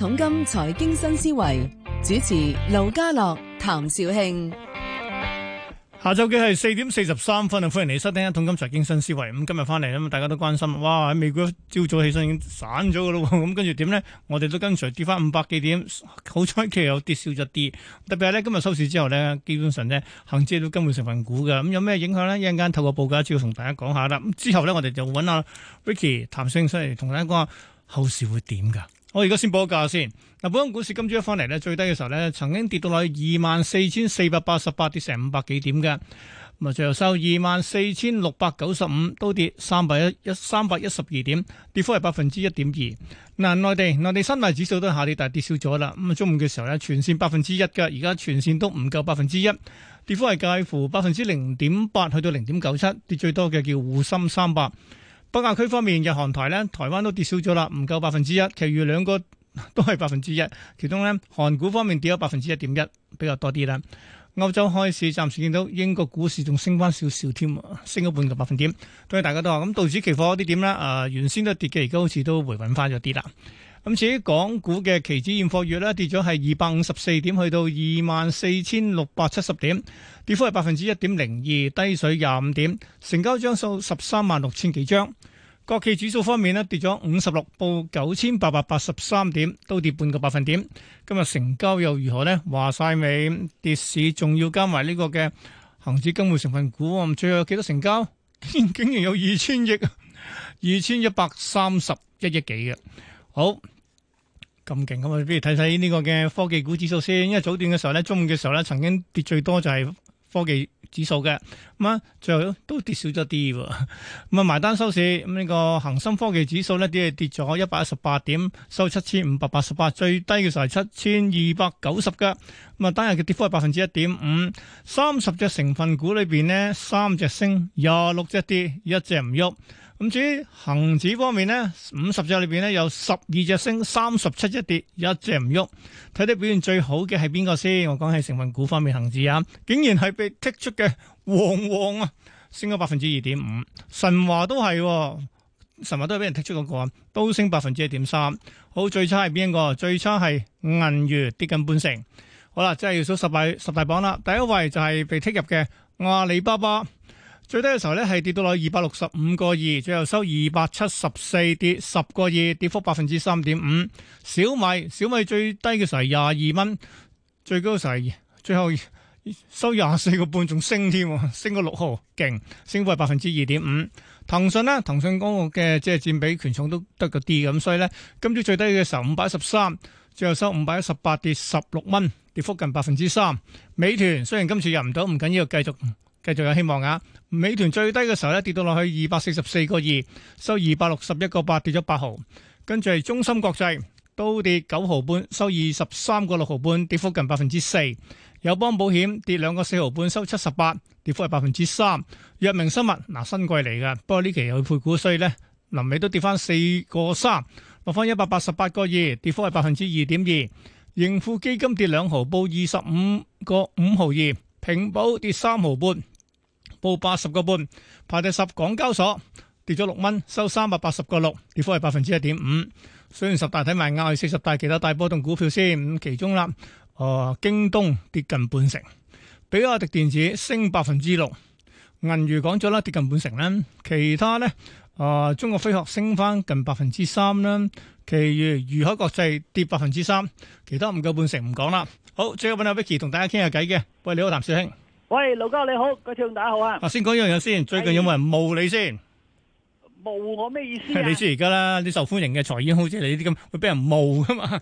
統金財經新思維主持盧家樂、譚兆慶。下晝嘅係四點四十三分啊！歡迎你嚟收聽《統金財經新思維》。咁今日翻嚟啦，大家都關心。哇，美股朝早起身已經散咗噶咯，咁、嗯、跟住點呢？我哋都跟隨跌翻五百幾點，好彩其有跌少咗啲。特別係咧，今日收市之後呢，基本上咧，恒指都跟住成份股噶。咁、嗯、有咩影響呢？一陣間透過報價資料同大家講下啦。咁之後呢，我哋就揾阿 Ricky 譚紹興生嚟同大家講下後市會點噶。我而家先報個價先。嗱，本港股市今朝一翻嚟咧，最低嘅時候咧，曾經跌到落去二萬四千四百八十八，跌成五百幾點嘅。咁啊，最後收二萬四千六百九十五，都跌三百一一三百一十二點，跌幅係百分之一點二。嗱，內地內地三大指數都係下跌，但係跌少咗啦。咁啊，中午嘅時候咧，全綫百分之一嘅，而家全綫都唔夠百分之一，跌幅係介乎百分之零點八去到零點九七，跌最多嘅叫滬深三百。北亞區方面的韓，日韓台咧台灣都跌少咗啦，唔夠百分之一，其餘兩個都係百分之一，其中咧韓股方面跌咗百分之一點一，比較多啲啦。歐洲開始暫時見到英國股市仲升翻少少添，升咗半個百分點，所以大家都話咁道指期貨啲點咧、呃，原先都跌嘅，而家好似都回穩翻咗啲啦。咁至於港股嘅期指現貨月咧，跌咗係二百五十四點，去到二萬四千六百七十點，跌幅係百分之一點零二，低水廿五點，成交張數十三萬六千幾張。國企指數方面呢，跌咗五十六，報九千八百八十三點，都跌半個百分點。今日成交又如何呢？話晒尾跌市，仲要加埋呢個嘅恒指金匯成分股，咁最後有幾多成交？竟，竟然有二千億，二千一百三十一億幾嘅。2, 好咁勁咁啊！不如睇睇呢個嘅科技股指數先，因為早段嘅時候咧，中午嘅時候咧，曾經跌最多就係科技指數嘅。咁啊，最後都跌少咗啲。咁啊，埋單收市。咁呢個恒生科技指數咧，跌係跌咗一百一十八點，收七千五百八十八，最低嘅時候係七千二百九十㗎。咁啊，單日嘅跌幅係百分之一點五。三十隻成分股裏邊呢，三隻升，廿六隻跌，一隻唔喐。咁至於恒指方面呢，五十隻裏邊呢，有十二隻升，三十七隻跌，一隻唔喐。睇睇表現最好嘅係邊個先？我講係成分股方面恒指啊，竟然係被剔出嘅旺旺啊，升咗百分之二點五。神華都係，神華都係俾人剔出嗰個，都升百分之一點三。好，最差係邊個？最差係銀娛，跌近半成。好啦，即係要數十大十大榜啦，第一位就係被剔入嘅阿里巴巴。最低嘅時候咧係跌到落二百六十五個二，最後收二百七十四跌十個二，跌幅百分之三點五。小米，小米最低嘅時候廿二蚊，最高嘅時候，最後收廿四個半仲升添，升個六毫，勁升幅係百分之二點五。騰訊咧，騰訊港股嘅即係佔比權重都得個啲咁，所以咧今朝最低嘅時候五百一十三，最後收五百一十八跌十六蚊，跌幅近百分之三。美團雖然今次入唔到，唔緊要，繼續。繼續有希望啊！美團最低嘅時候咧，跌到落去二百四十四個二，收二百六十一個八，跌咗八毫。跟住係中芯國際，都跌九毫半，收二十三個六毫半，跌幅近百分之四。友邦保險跌兩個四毫半，收七十八，跌幅係百分之三。藥明生物嗱、啊、新季嚟嘅，不過呢期又去配股稅呢，所以呢臨尾都跌翻四個三，落翻一百八十八個二，跌幅係百分之二點二。盈富基金跌兩毫，報二十五個五毫二，平保跌三毫半。報八十個半，排第十港交所跌咗六蚊，收三百八十個六，跌幅係百分之一點五。雖然十大睇埋壓，四十大其他大波動股票先。咁其中啦，誒京東跌近半成，比亞迪電子升百分之六，銀娛講咗啦跌近半成咧。其他咧，誒中國飛鶴升翻近百分之三啦，其餘如海國際跌百分之三，其他唔夠半成唔講啦。好，最後問下 Vicky 同大家傾下偈嘅，喂你好譚紹興。喂，老哥你好，個唱大家好啊！啊，先講一樣嘢先，最近有冇人冒你先？冒我咩意思啊？你知而家啦，啲受歡迎嘅財演好似你啲咁，會俾人冒噶嘛？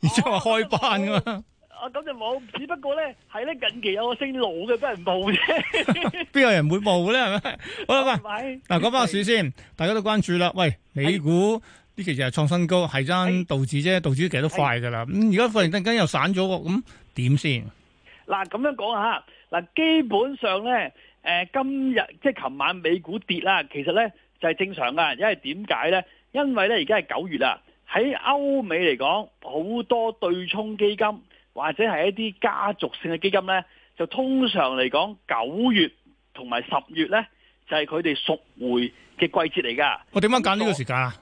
然之後話開班噶嘛？啊，咁就冇，只不過咧，係咧近期有個姓盧嘅俾人冒啫。邊有人會冒咧？係咪？好啦，喂，嗱，講翻個市先，大家都關注啦。喂，美股呢期就係創新高，係爭道指啫，道指其實都快噶啦。咁而家忽然之間又散咗，咁點先？嗱，咁樣講吓，嗱，基本上咧，誒今日即係琴晚美股跌啦，其實咧就係正常噶，因為點解咧？因為咧而家係九月啦，喺歐美嚟講，好多對沖基金或者係一啲家族性嘅基金咧，就通常嚟講九月同埋十月咧就係佢哋贖回嘅季節嚟㗎。我點樣揀呢個時間啊？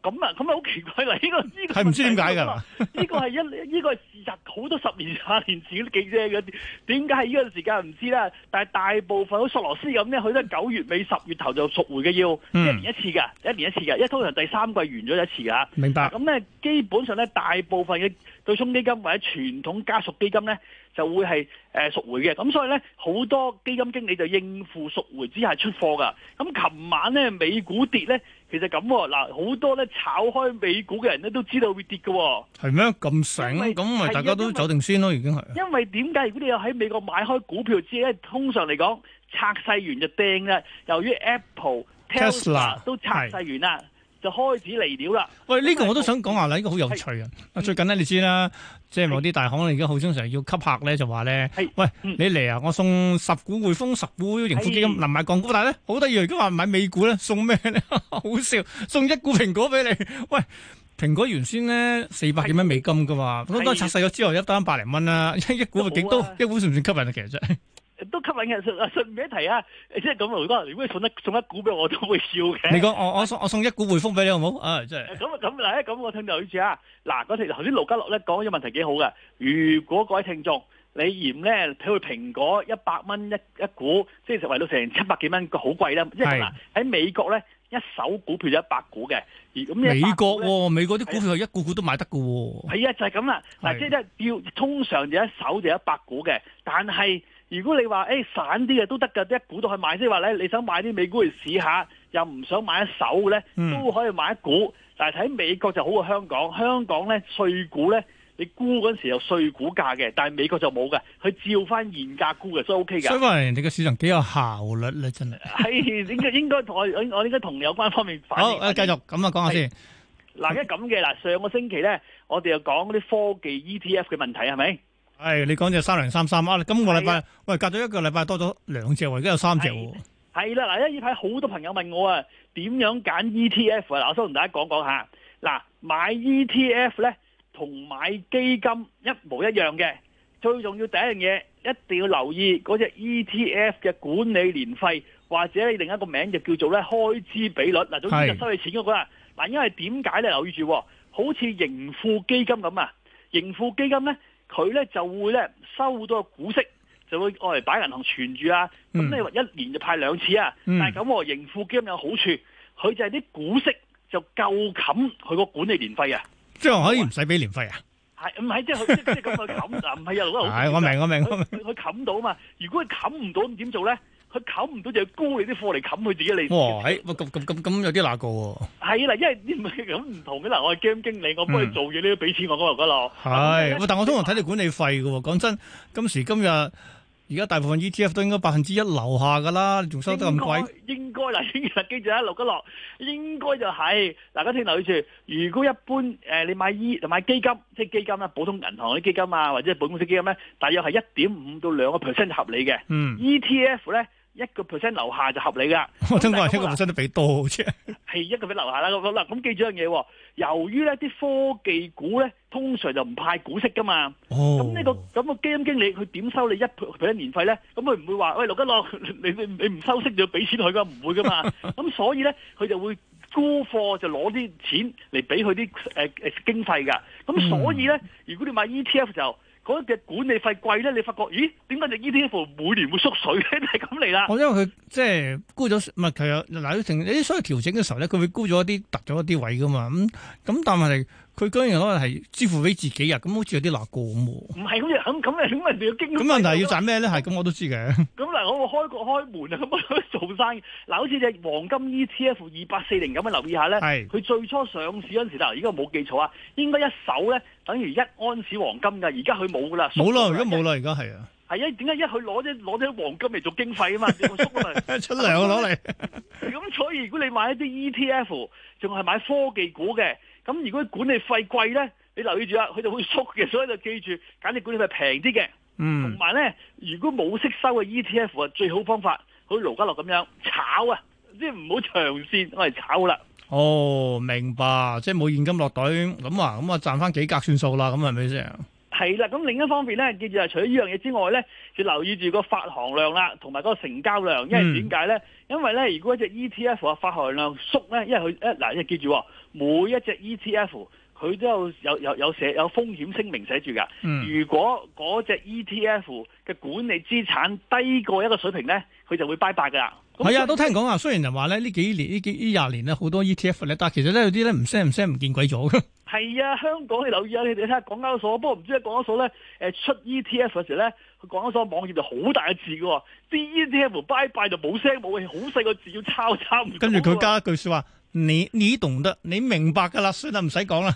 咁啊，咁啊好奇怪嚟，呢、呢個呢 個係唔知點解㗎？呢、呢個係一呢個係事實，好多十年廿年前都記憶嘅，點解係呢個時間唔知啦。但係大部分好似索羅斯咁咧，佢都九月尾十月頭就贖回嘅，要一年一次㗎，一年一次㗎，一通常第三季完咗一次㗎。明白。咁咧，基本上咧，大部分嘅對沖基金或者傳統家族基金咧，就會係誒贖回嘅。咁所以咧，好多基金經理就應付贖回之下出貨㗎。咁琴晚咧，美股跌咧。其實咁嗱、啊，好多咧炒開美股嘅人咧都知道會跌嘅喎、啊。係咩咁醒？咁咪因為大家都走定先咯，因為已經係。因為點解如果你有喺美國買開股票之咧，通常嚟講，拆細完就掟啦。由於 Apple、Tesla, Tesla 都拆細完啦。就開始離了啦！喂，呢、呢個我都想講下啦，呢、呢個好有趣啊！是最近呢，你知啦，即係某啲大行咧，而家好通常要吸客咧，就話咧，是喂，你嚟啊！我送十股匯豐、十股盈富基金，能唔港股，但係咧好得意，而家話買美股咧，送咩咧？ 好笑，送一股蘋果俾你。喂，蘋果原先咧四百幾蚊美金㗎嘛，咁是當拆細咗之後，一單百零蚊啦，一一股咪幾多、啊？一股，啊、一股算唔算吸引啊？其實真係都吸引嘅，順便一提啊！即係咁啊，如果如果送一送一股俾我，我都會要嘅。你講我我送我送一股匯豐俾你好唔好？啊，真係。咁啊咁嗱，咁我聽到好似啊，嗱嗰時頭先盧家樂咧講咗問題幾好嘅。如果各位聽眾你嫌咧，譬如蘋果一百蚊一一股，即係成為到成七百幾蚊，個好貴啦。即係嗱喺美國咧一手股票就一百股嘅。美國喎，美國啲股票係一股股都買得嘅喎。係啊，就係咁啦。嗱，即係要通常就一手就一百股嘅，但係。如果你話誒散啲嘅都得噶，一股都去買，即係話咧，你想買啲美股嚟試下，又唔想買一手咧，都可以買一股。但係睇美國就好過香港，香港咧碎股咧，你估嗰陣時有碎股價嘅，但係美國就冇嘅，佢照翻現價估嘅，所以 O K 噶。所以話人哋嘅市場幾有效率咧，真係。係應該應該同我我應該同有關方面反映。好，繼續咁啊，講下先。嗱，而家咁嘅嗱，上個星期咧，我哋又講嗰啲科技 E T F 嘅問題，係咪？係，你講隻三零三三啊！今個禮拜喂隔咗一個禮拜多咗兩隻喎，而家有三隻喎。係啦，嗱，呢一排好多朋友問我啊，點樣揀 E T F 啊？我想同大家講講下。嗱，買 E T F 咧同買基金一模一樣嘅。最重要第一樣嘢，一定要留意嗰隻 E T F 嘅管理年費或者你另一個名就叫做咧開支比率。嗱，總之就收你錢嗰個啦。嗱，因為點解咧？你留意住，好似盈富基金咁啊，盈富基金咧。佢咧就會咧收到股息，就會攞嚟擺銀行存住啊。咁你話一年就派兩次啊。嗯、但係咁我盈富基金有好處，佢就係啲股息就夠冚佢個管理年費啊。即係可以唔使俾年費啊？係唔係，即係即係咁去冚，唔係一路都係。我明我明，佢冚到啊嘛！如果佢冚唔到，你點做咧？佢冚唔到只高你啲貨嚟冚佢自己嚟。息。咁咁咁咁有啲哪個？係啦，因為呢啲咁唔同嘅嗱，我係基金經理，我幫你做嘢，你、嗯、都俾錢我六吉落。係、那個，的但我通常睇你管理費嘅。講真，今時今日而家大部分 ETF 都應該百分之一留下噶啦，你仲收得咁貴。應該嗱，今日記住啦，六家落，應該就係、是。大家聽劉女士，如果一般誒、呃，你買 E 買基金，即係基金啦，普通銀行啲基金啊，或者本公司基金咧，大約係一點五到兩個 percent 合理嘅。ETF 咧。一個 percent 樓下就合理㗎。我真係一個 percent 都俾多好似。係一個俾樓下啦。嗱咁，記住一樣嘢，由於咧啲科技股咧通常就唔派股息噶嘛。哦。咁呢個咁個基金經理佢點收你一 percent 年費咧？咁佢唔會話喂，落得落，你你你唔收息就俾錢佢噶，唔會噶嘛。咁所以咧，佢就會沽貨就攞啲錢嚟俾佢啲誒誒經費噶。咁所以咧，如果你買 ETF 就。嗰嘅管理費貴咧，你發覺，咦？點解隻 E T F 每年會縮水咧？係咁嚟啦。我因為佢即係高咗，唔係佢有，嗱，你成啲需要調整嘅時候咧，佢會高咗一啲，突咗一啲位㗎嘛。咁咁，但係佢居然可能係支付俾自己啊？咁好似有啲難過咁喎。唔係好似，咁咪咁咁問題要賺咩咧？係咁那，我都知嘅。那 我開個開門啊，咁樣做生意。嗱，好似隻黃金 ETF 二八四零咁，你留意下咧。係是。佢最初上市嗰陣時候，但而家我冇記錯啊，應該一手咧等於一安士黃金噶。而家佢冇噶啦。冇啦，而家冇啦，而家係啊。係啊，點解一佢攞啲攞啲黃金嚟做經費啊嘛？你會縮啊嘛？出糧攞嚟。咁所以如果你買一啲 ETF，仲係買科技股嘅，咁如果管理費貴咧，你留意住啊，佢就會縮嘅。所以就記住，揀啲管理費平啲嘅。嗯，同埋咧，如果冇識收嘅 ETF 啊，最好方法，好似盧家樂咁樣炒啊，即係唔好長線，攞嚟炒啦。哦，明白，即係冇現金落袋，咁啊，咁啊賺翻幾格算數啦，咁係咪先？係啦，咁另一方面咧，記住係，除咗呢樣嘢之外咧，就留意住個發行量啦，同埋個成交量，因爲點解咧？嗯、因爲咧，如果一隻 ETF 啊發行量縮咧，因爲佢，誒嗱，因爲記住，每一隻 ETF。佢都有有有有寫有風險聲明寫住㗎。如果嗰隻 ETF 嘅管理資產低過一個水平咧，佢就會拜拜㗎啦。係啊，都聽講啊。雖然人話咧，呢幾年，幾二十年呢幾呢廿年咧，好多 ETF 咧，但係其實咧，有啲咧唔聲唔聲唔見鬼咗㗎。係 啊，香港你留意啊，你睇下港交所，不過唔知啊，港交所咧出 ETF 嘅時候咧，港交所網頁就好大嘅字㗎、哦、喎，啲 ETF 拜拜就冇聲冇氣，好細個字要抄抄唔到啊。跟住佢加一句説話。你你懂得，你明白噶啦，算啦唔使講啦。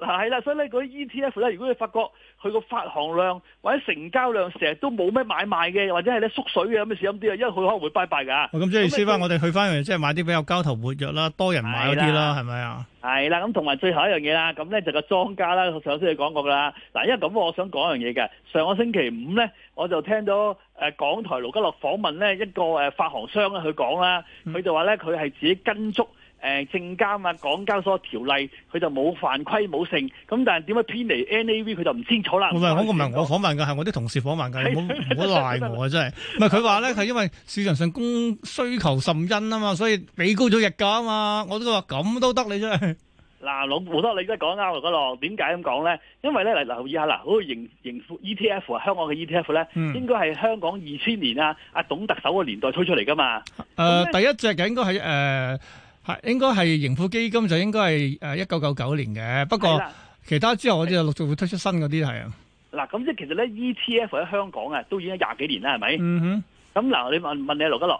嗱，係啦，所以咧嗰啲 E T F 咧，如果你發覺佢個發行量或者成交量成日都冇咩買賣嘅，或者係咧縮水嘅咁嘅事咁啲啊，因為佢可能會拜拜噶咁所以意思翻我哋去翻，即係買啲比較交投活躍啦，多人買嗰啲啦，係咪啊？係啦，咁同埋最後一樣嘢啦，咁咧就個莊家啦，我頭先你講過啦。嗱，因為咁，我想講一樣嘢嘅。上個星期五咧，我就聽到誒港台盧吉樂訪問咧一個誒發行商啊，佢講啦，佢就話咧佢係自己跟足。誒證監啊，港交所條例佢就冇犯規冇剩，咁但係點解偏離 NAV 佢就唔清楚啦。唔係我，唔係我訪問嘅，係我啲同事訪問嘅，唔好唔好賴我啊！真係，唔係佢話咧，係因為市場上供需求甚殷啊嘛，所以畀高咗日價啊嘛。我都話咁都得你真係。嗱，老胡叔，你都係講啱嚟嘅咯？點解咁講咧？因為咧，嚟留意下嗱嗰個盈盈富 ETF 啊，香港嘅 ETF 咧，應該係香港二千年啊，阿董特首個年代推出嚟嘅嘛。誒，第一隻嘅應該係誒。係應該係盈富基金就應該係誒一九九九年嘅。不過其他之後我哋陸續會推出新嗰啲係啊。嗱，咁即係其實咧 E T F 喺香港啊，都已經廿幾年啦，係咪？嗯哼。咁嗱，你問問你阿羅家樂，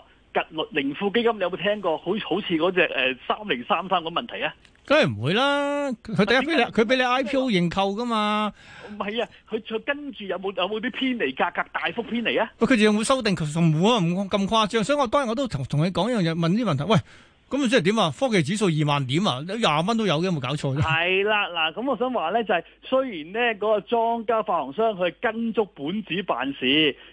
格盈富基金你有冇聽過？好好似嗰隻誒三零三三嘅問題啊？梗係唔會啦，佢第一佢俾你 I P O 認購噶嘛。唔係啊，佢再跟住有冇有冇啲偏離價格大幅偏離啊？喂，佢仲有冇修訂？佢唔會啊，唔咁誇張。所以我當然我都同同你講一樣嘢，問呢啲問題。喂。咁即係點啊？科技指數二萬點啊，廿蚊都有嘅，有冇搞錯咧？係啦，嗱，咁我想話咧，就係雖然咧嗰個莊家發行商佢係跟足本子辦事，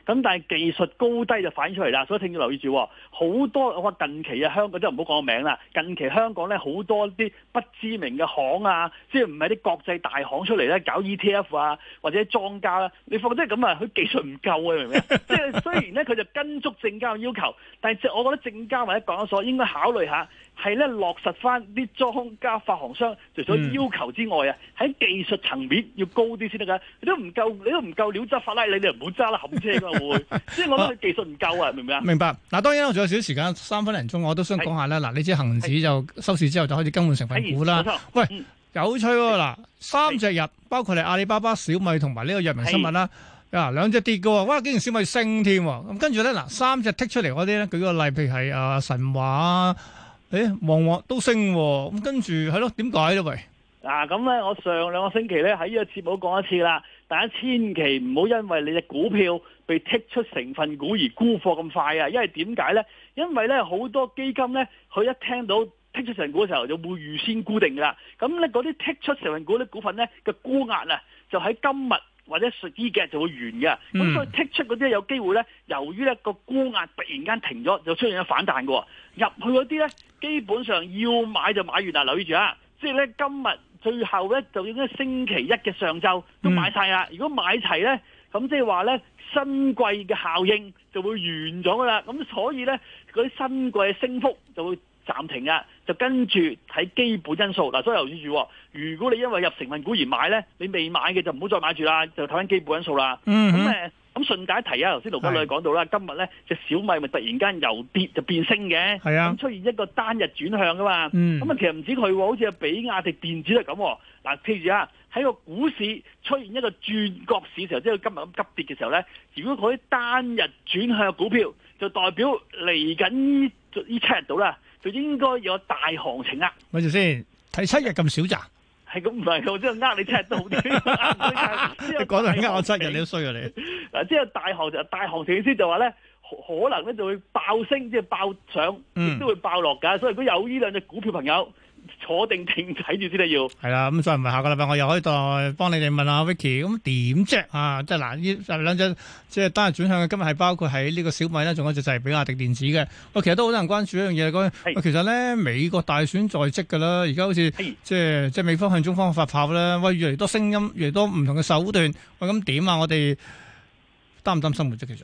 咁但係技術高低就反映出嚟啦，所以聽要留意住。好多我話近期啊，香港即係唔好講名啦，近期香港咧好多啲不知名嘅行啊，即係唔係啲國際大行出嚟咧搞 ETF 啊，或者莊家啦，你放即係咁啊，佢技術唔夠啊，明唔明？ 即係雖然咧佢就跟足證交嘅要求，但係即我覺得證交或者港交所應該考慮下。係咧落實翻啲莊家發行商除咗要求之外啊，喺技術層面要高啲先得噶。你都唔夠，你都唔夠料揸法拉，你哋唔好揸啦，冚車噶會，即係我諗技術唔夠啊，明唔明啊？明白嗱。當然我仲有少少時間三分零鐘，我都想講下啦嗱，呢支恒指就收市之後就開始更換成分股啦。喂，有趣喎！嗱，三隻入，包括你阿里巴巴、小米同埋呢個藥明生物啦。兩隻跌喎，哇，竟然小米升添。咁跟住咧，嗱，三隻剔出嚟嗰啲咧，舉個例，譬如係啊神華。誒、旺旺、哎、都升，咁跟住係咯，點解咧？喂，嗱咁咧，我上兩個星期咧喺呢個節目講一次啦，大家千祈唔好因為你隻股票被剔出成分股而沽貨咁快啊！因為點解咧？因為咧好多基金咧，佢一聽到剔出成分股嘅時候，就會預先固定噶啦。咁咧嗰啲，剔出成分股啲股份咧嘅沽壓啊，就喺今日或者呢幾日就會完嘅。咁、嗯、所以剔出嗰啲有機會咧，由於咧個沽壓突然間停咗，就出現咗反彈噶，入去嗰啲咧。基本上要買就買完啦，留意住啊！即係咧，今日最後咧，就應該星期一嘅上晝都買晒啦。如果買齊咧，咁即係話咧，新季嘅效應就會完咗噶啦。咁所以咧，嗰啲新季嘅升幅就會暫停啊，就跟住睇基本因素。嗱，所以留意住。如果你因為入成分股而買咧，你未買嘅就唔好再買住啦，就睇緊基本因素啦。嗯。咁誒。咁順帶一提啊，頭先盧嘉麗講到啦，是今日咧隻小米咪突然間由跌就變升嘅，咁的出現一個單日轉向噶嘛。咁、嗯、啊，啊，啊，其實唔止佢喎，好似啊比亞迪電子都咁。嗱，睇住啊，喺個股市出現一個轉角市嘅時候，即係今日咁急跌嘅時候咧，如果佢單日轉向股票，就代表嚟緊呢呢七日度啦，就應該有大行情啦，啊。咪住先，睇七日咁少咋，啊？係咁唔係，即係呃你七日都好啲。你講到呃我七嘅你都衰啊你 嗱，即係大行就大行點先就話咧，可能咧就會爆升，即係爆漲亦都會爆落噶。所以如果有呢兩隻股票朋友。坐定定睇住先得，要係啦。咁所以唔係下個禮拜，我又可以再幫你哋問阿 Vicky。咁點啫？啊，真係難呢兩隻，即係單日轉向嘅今日係包括喺呢個小米咧，仲有一隻就係比亞迪電子嘅。我其實都好多人關注一樣嘢，嗰是其實咧美國大選在，在是即噶啦。而家好似即係即係美方向中方發炮啦喂，越嚟多聲音，越嚟多唔同嘅手段喂，咁點啊？我哋擔唔擔心活啫？其實。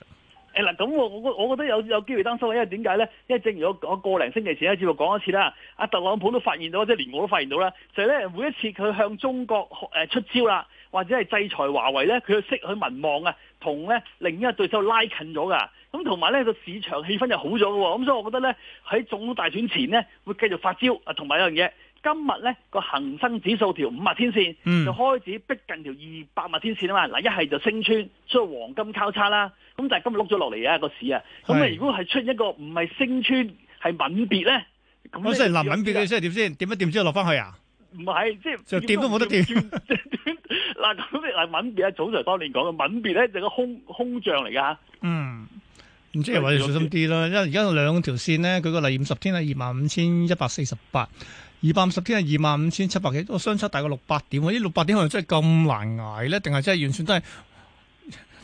誒嗱，咁、哎、我我我覺得有有機會擔心，因為點解咧？因為正如我我個零星期前喺節目講一次啦，阿特朗普都發現到，即係連我都發現到啦。就係咧，每一次佢向中國出招啦，或者係制裁華為咧，佢識去民望啊，同咧另一個對手拉近咗噶。咁同埋咧，個市場氣氛就好咗嘅喎。咁所以我覺得咧，喺總統大選前咧，會繼續發招啊，同埋一樣嘢。今日咧個恒生指數條五十天線就開始逼近條二百萬天線啊嘛。嗱，一係、嗯、就升穿，出咗黃金交叉啦。咁但係今日碌咗落嚟啊個市那麼 啊。咁你如果係出一個唔係升穿係吻別咧，咁即係臨吻別嘅，意思係點先？點一點之後落翻去啊？唔係，即係掂都冇得掂。嗱咁，你嗱吻別啊，早上當年講嘅吻別咧就個空空漲嚟噶。嗯，咁即係話要小心啲啦。因為而家有兩條線咧，舉個例，五十天係二萬五千一百四十八。二百五十天係二萬五千七百幾，相差大過六百點，呢六百點可能真係咁難捱呢？定係真係完全真係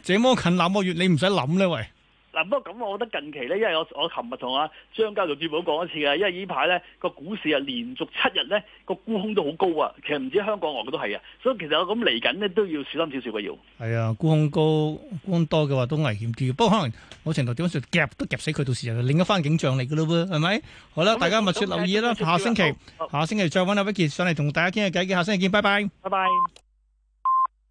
這麼近那麼遠，你唔使諗呢喂。嗱，不過咁，我覺得近期咧，因為我我琴日同阿張家做節目講一次啊，因為呢排咧個股市啊連續七日咧個沽空都好高啊，其實唔止香港，外外都係啊，所以其實我咁嚟緊呢都要小心少少嘅要。係啊，沽空高沽空多嘅話都危險啲。不過可能某程度點講，夾都夾死佢，到時又另一番景象嚟嘅咯喎，係咪？好啦，大家密切留意啦，下星期下星期再揾阿威傑上嚟同大家傾下偈，下星期見，拜拜。拜拜。